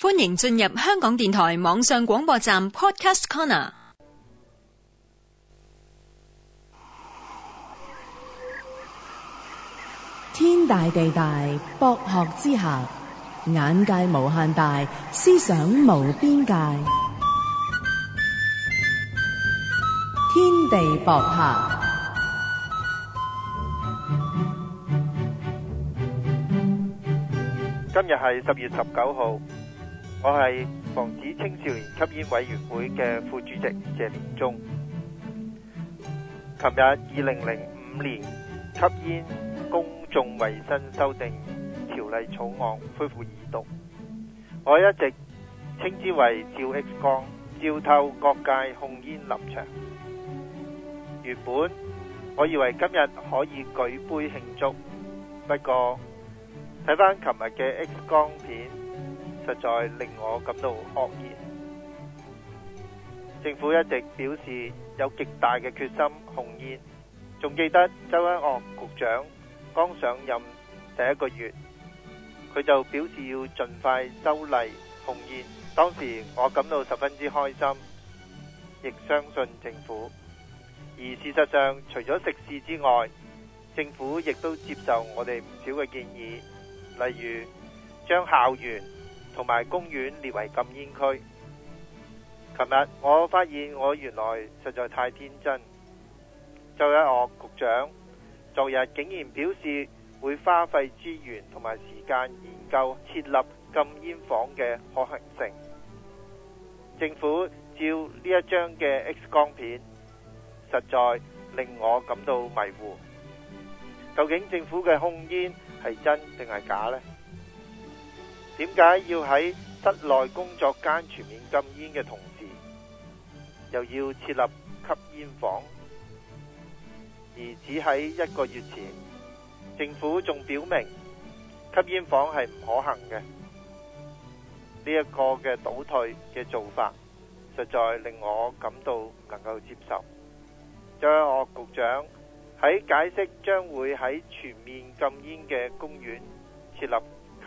歡迎進入香港電台網上廣播站 Podcast Corner。天大地大，博學之下，眼界無限大，思想無邊界。天地博客。今日係十月十九號。我係防止青少年吸煙委員會嘅副主席謝連忠。琴日，二零零五年吸煙公眾衛生修訂條例草案恢復二讀，我一直稱之為照 X 光，照透各界控煙立場。原本我以為今日可以舉杯慶祝，不過睇翻琴日嘅 X 光片。實在令我感到愕然。政府一直表示有極大嘅決心控煙，仲記得周一岳局長剛上任第一個月，佢就表示要盡快修例控煙。當時我感到十分之開心，亦相信政府。而事實上，除咗食肆之外，政府亦都接受我哋唔少嘅建議，例如將校園同埋公園列為禁煙區。琴日我發現我原來實在太天真。周一嶽局長昨日竟然表示會花費資源同埋時間研究設立禁煙房嘅可行性。政府照呢一張嘅 X 光片，實在令我感到迷糊。究竟政府嘅控煙係真定係假呢？點解要喺室內工作間全面禁煙嘅同時，又要設立吸煙房？而只喺一個月前，政府仲表明吸煙房係唔可行嘅。呢一個嘅倒退嘅做法，實在令我感到唔能夠接受。張局長喺解釋將會喺全面禁煙嘅公園設立。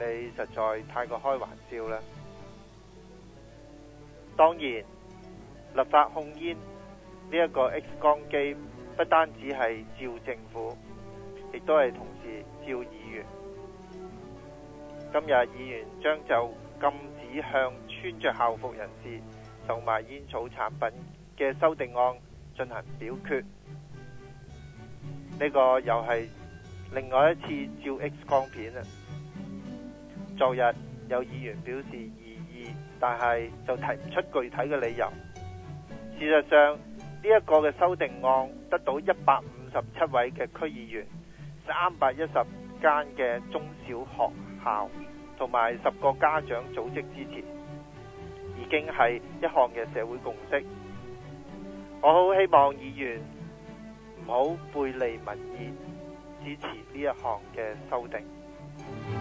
你實在太過開玩笑啦！當然，立法控煙呢一個 X 光機，不單止係照政府，亦都係同時照議員。今日議員將就禁止向穿着校服人士售賣煙草產品嘅修訂案進行表決。呢個又係另外一次照 X 光片啊！昨日有議員表示異議，但係就提唔出具體嘅理由。事實上，呢一個嘅修訂案得到一百五十七位嘅區議員、三百一十間嘅中小學校同埋十個家長組織支持，已經係一項嘅社會共識。我好希望議員唔好背離民意，支持呢一項嘅修訂。